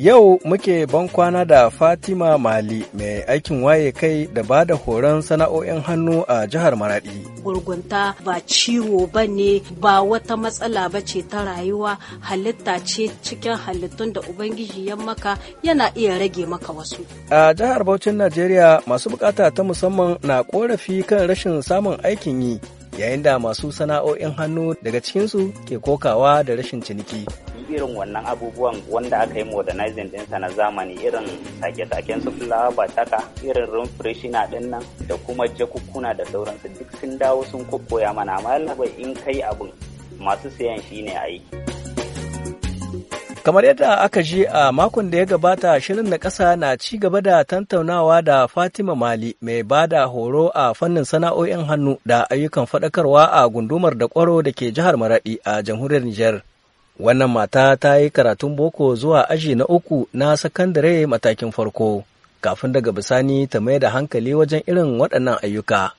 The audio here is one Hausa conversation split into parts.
Yau muke bankwana da Fatima Mali mai aikin waye kai da ba da horon sana'o'in hannu a jihar Maradi. Gurgunta ba ciwo ba ne ba wata matsala ba ce ta rayuwa halitta ce cikin halittun da Ubangiji ya maka yana iya rage maka wasu. A jihar Bauchin Najeriya masu bukata ta musamman na korafi kan rashin samun aikin yi yayin da masu sana'o'in hannu daga cikinsu ke kokawa da rashin ciniki. irin wannan abubuwan wanda aka yi modernizing dinsa na zamani irin sake-saken su fulawa ba taka irin room freshener din nan da kuma jakukkuna da sauransu duk sun dawo sun kokkoya mana amma yalaba in kai abin masu sayan shine aiki. kamar yadda aka ji a makon da ya gabata shirin na ƙasa na ci gaba da tantaunawa da fatima mali mai ba da horo a fannin sana'o'in hannu da ayyukan faɗakarwa a gundumar da kwaro da ke jihar maraɗi a jamhuriyar niger Wannan mata ta yi karatun boko zuwa aji na uku na sakandare matakin farko, kafin daga bisani ta mai da hankali wajen irin waɗannan ayyuka.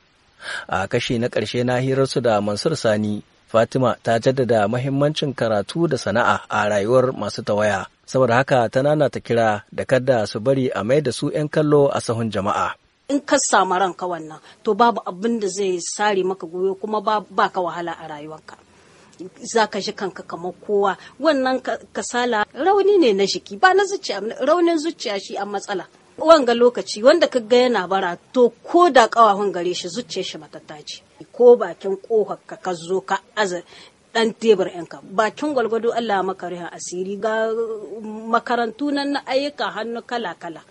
A kashi na ƙarshe na hirarsu da Mansur Sani, Fatima ta jaddada mahimmancin karatu da sana'a a rayuwar masu tawaya, saboda haka ta ta kira da kadda su bari a mai da su 'yan kallo a sahun jama'a. in ka samu ranka wannan to babu abin da zai sare maka goyo kuma ba ka wahala a rayuwarka za ka ji kanka kamar kowa wannan kasala rauni ne na jiki ba na zuciya raunin zuciya shi an matsala wanga lokaci wanda ka ga yana bara to ko da kawahun gare shi zuciya shi matatta ce ko bakin kohar ka ka zo ka aza dan tebur yanka bakin gwalgwado Allah maka asiri ga makarantu nan na ayyuka hannu kala kala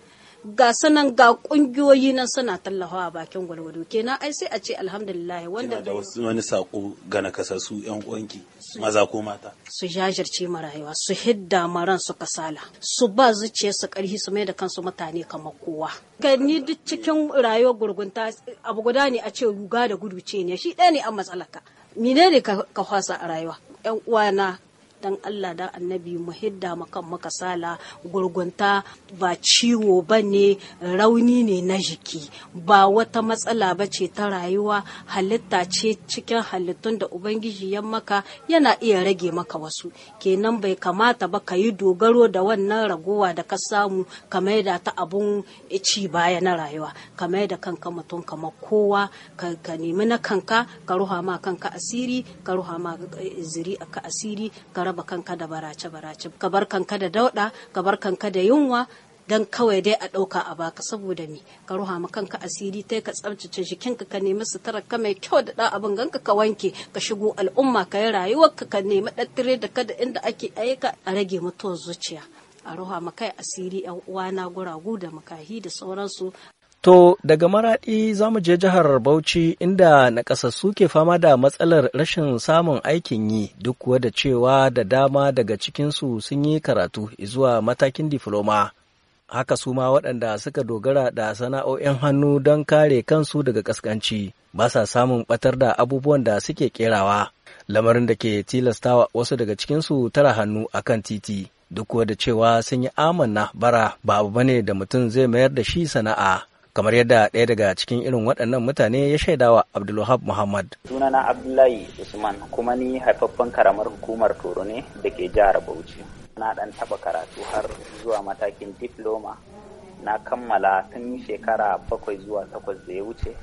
ga sanan ga kungiyoyi nan suna tallafawa bakin gwalgwado kenan ai sai a ce alhamdulillah wanda da wasu wani sako ga nakasassu yan kwanki maza ko mata su jajirce ma rayuwa su hidda maran su kasala su ba zuciya su karhi su mai da kansu mutane kamar kowa ka ni duk cikin rayuwar gurgunta abu guda ne a ce ruga da gudu ce ne shi ɗaya ne an matsalaka mine ka kwasa a rayuwa yan uwana dan Allah da annabi mu hidda makan sala gurgunta ba ciwo ba ne rauni ne na jiki ba wata matsala ba ce ta rayuwa halitta ce cikin halittun da ubangiji ya maka yana iya rage maka wasu kenan bai kamata ba ka yi dogaro da wannan ragowa da ka samu kamar da ta abun ci baya na rayuwa kamar da kanka mutum kamar kowa ka nemi na kanka ka ruha ma kanka asiri ka ruha ma eh, ziri ka asiri ka raba kanka da barace-barace ka bar kanka da dauɗa ka bar kanka da yunwa dan kawai dai a ɗauka a baka saboda me ka ruha ma kanka asiri tai ka tsabtace jikinka ka nemi sutura ka mai kyau da ɗan abin ganka ka wanke ka shigo al'umma ka yi rayuwarka ka nemi da ka da inda ake aika a rage mutuwar zuciya a ruha ma kai asiri yan uwana guragu da makahi da sauransu To daga maraɗi za mu je jihar Bauchi inda nakasassu ke fama da matsalar rashin samun aikin yi duk kuwa da cewa da dama daga cikinsu sun yi karatu zuwa matakin difloma. Haka su ma waɗanda suka dogara da sana'o'in hannu don kare kansu daga ƙasƙanci ba sa samun ɓatar da abubuwan da suke ƙerawa, lamarin da ke tilastawa wasu daga cikinsu tara hannu akan titi. Duk kuwa da cewa sun yi amanna bara ba abu bane da mutum zai mayar da shi sana'a. kamar yadda ɗaya daga cikin irin waɗannan mutane ya shaidawa abdulwahab muhammad sunana abdullahi usman kuma ni haifaffen karamar hukumar toro ne da ke jihar bauchi na ɗan taɓa karatu har zuwa matakin diploma na kammala tun shekara bakwai zuwa takwas da ya wuce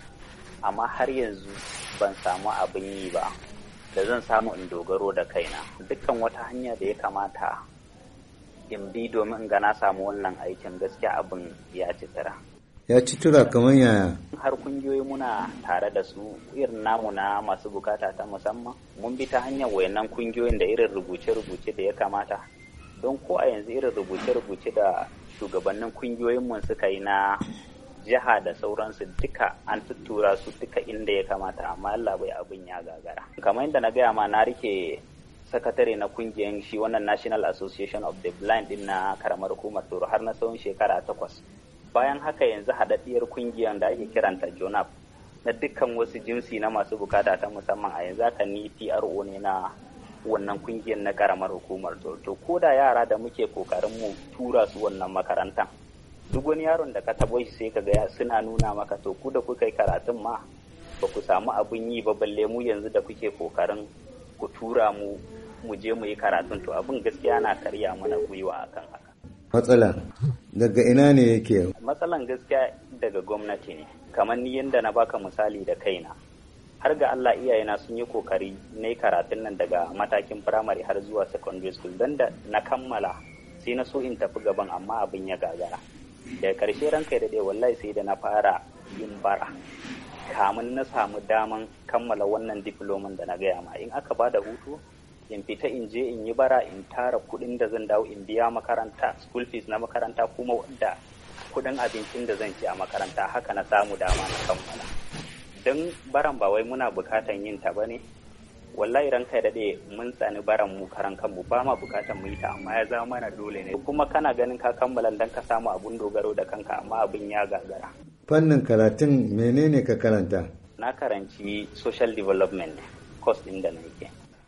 amma har yanzu ban samu abin yi ba da zan samu in dogaro da kaina dukkan wata hanya da ya kamata in bi domin in ga na samu wannan aikin gaskiya abin ya ci tara. ya ci tura kamar yaya har kungiyoyi muna tare da su irin namu na masu bukata ta musamman mun bi ta hanyar wayannan kungiyoyin da irin rubuce-rubuce da ya kamata don ko a yanzu irin rubuce-rubuce da shugabannin kungiyoyin mun suka yi na jiha da sauransu duka an tuttura su duka inda ya kamata amma Allah bai abin ya gagara kamar yadda na gaya ma na rike sakatare na kungiyar shi wannan national association of the blind din na karamar hukumar turu har na tsawon shekara takwas bayan haka yanzu haɗaɗɗiyar kungiyar da ake kiranta jonap na dukkan wasu jinsi na masu bukata ta musamman a yanzu haka ni pro ne na wannan kungiyar na karamar hukumar to ko da yara da muke kokarin mu tura su wannan makarantar duk wani yaron da ka tabo shi sai ka ga suna nuna maka to ku da kuka yi karatun ma ba ku samu abin yi ba balle mu yanzu da kuke kokarin ku tura mu mu je mu yi karatun to abin gaskiya na karya mana gwiwa akan haka matsala daga ina ne yake matsalan gaskiya daga gwamnati ne kamar ni yadda na baka misali da kaina har ga Allah iyayena sun yi kokari na karatun nan daga matakin firamare har zuwa secondary school don da na kammala sai na so in tafi gaban amma abin ya gagara da karshe ranka da dai wallahi sai da na fara yin bara kamun na samu daman kammala wannan diploman da na gaya ma in aka ba da hutu in fita in je in yi bara in tara kuɗin da zan dawo in biya makaranta school fees na makaranta kuma da kuɗin abincin da zan ci a makaranta haka na samu dama na kammala don baran ba wai muna bukatan yin ta ba bane wallahi ran kai daɗe mun tsani baran mu karan kanmu ba ma bukatan mu yi ta amma ya zama mana dole ne kuma kana ganin ka kammala dan ka samu abun dogaro da kanka amma abin ya gagara fannin karatun menene ka karanta na karanci social development course din da nake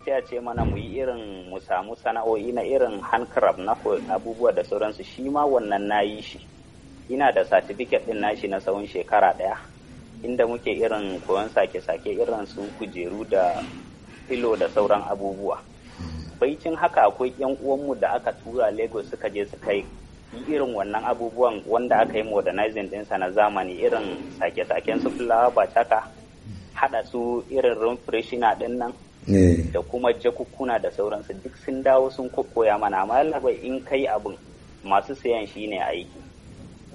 gaskiya ce mana mu yi irin mu samu sana'o'i na irin handcraft na abubuwa da sauransu shi ma wannan na yi shi ina da satifiket din nashi na tsawon shekara daya inda muke irin koyon sake-sake irin su kujeru da filo da sauran abubuwa baicin haka akwai yan uwanmu da aka tura lagos suka je suka yi irin wannan abubuwan wanda aka yi modernizing dinsa na zamani irin sake-saken su fulawa ba hada su irin rumfreshina freshener ɗin nan Eh. da kuma jakukkuna da sauransu duk sun dawo sun koya mana amma labai in kai abin masu sayan shi ne aiki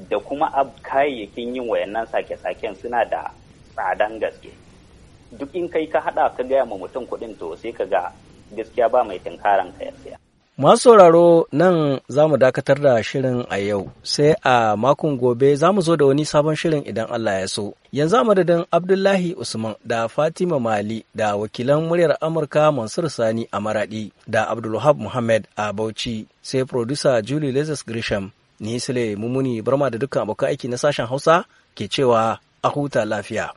da kuma kayayyakin yin wayannan sake-saken suna da tsadan gaske duk in kai ka hada ka gaya ma mutum kuɗin to sai ka ga gaskiya ba mai tinkaran ka ya siya Masu sauraro nan za mu dakatar da shirin a yau, sai a makon gobe za mu zo da wani sabon shirin idan Allah ya so. Yanzu a madadin Abdullahi Usman da Fatima Mali da wakilan muryar Amurka Mansur Sani a Maradi da Abdulwahab Muhammad a Bauchi, sai Produsa Julie Lazarus Grisham, ni Sule Mumuni Barma da dukkan abokan aiki na sashen Hausa ke cewa a huta lafiya.